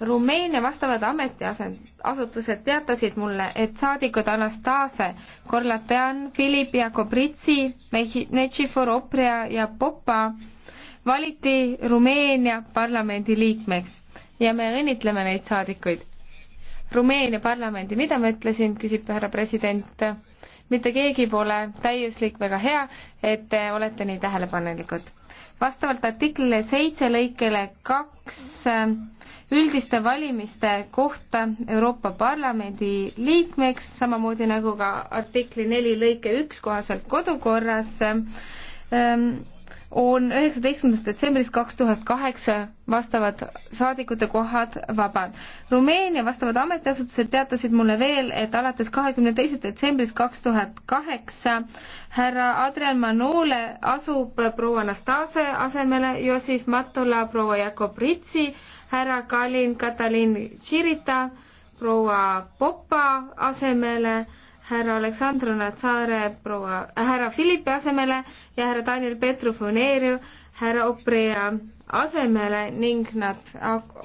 Rumeenia vastavad ametiasutused teatasid mulle, et saadikud Anastase, Korlatan, Filip ja Kobritsi, Nechifor, Oprea ja Popa valiti Rumeenia parlamendi liikmeks ja me õnnitleme neid saadikuid. Rumeenia parlamendi, mida ma ütlesin, küsib härra president mitte keegi pole täiuslik väga hea, et te olete nii tähelepanelikud. vastavalt artiklile seitse lõikele kaks äh, üldiste valimiste kohta Euroopa Parlamendi liikmeks, samamoodi nagu ka artikli neli lõike üks kohaselt kodukorras äh, ähm, on üheksateistkümnendast detsembrist kaks tuhat kaheksa vastavad saadikute kohad vabad. Rumeenia vastavad ametiasutused teatasid mulle veel, et alates kahekümne teisest detsembrist kaks tuhat kaheksa härra Adrian Manole asub proua Anastase asemele Josif Matula, proua Jakob Ritsi, härra Kalin Katalin Tširita, proua Popa asemele härra Aleksandr Natsaare proua äh,, härra Philippi asemele ja härra Daniel Petru Funeeriu härra Oprea asemele ning nad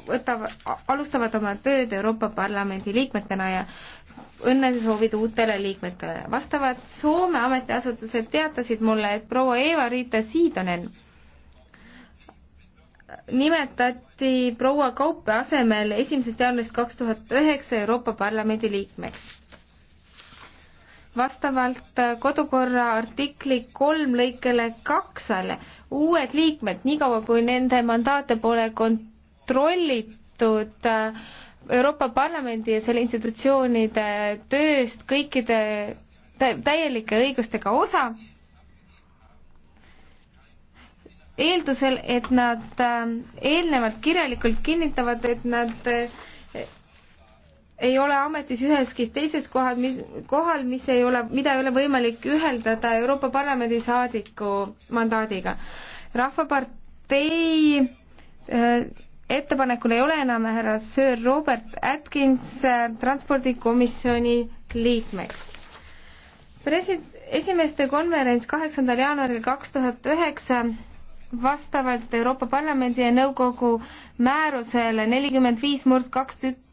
võtavad, alustavad oma tööd Euroopa Parlamendi liikmetena ja õnnesoovid uutele liikmetele. vastavad Soome ametiasutused teatasid mulle, et proua Eva-Riita Siidonen nimetati proua Kaupe asemel esimesest jaanuarist kaks tuhat üheksa Euroopa Parlamendi liikmeks vastavalt kodukorra artikli kolm lõikele kaksale uued liikmed, niikaua kui nende mandaate pole kontrollitud äh, Euroopa Parlamendi ja selle institutsioonide tööst kõikide täielike õigustega osa, eeldusel, et nad äh, eelnevalt kirjalikult kinnitavad, et nad äh, ei ole ametis üheski teises kohal, mis, kohal, mis ei ole, mida ei ole võimalik üheldada Euroopa Parlamendi saadiku mandaadiga. rahvapartei äh, ettepanekul ei ole enam härra Sir Robert Atkins äh, transpordikomisjoni liikmeks. president, esimeste konverents kaheksandal jaanuaril kaks tuhat üheksa vastavalt Euroopa Parlamendi ja Nõukogu määrusele nelikümmend viis murd kaks tükki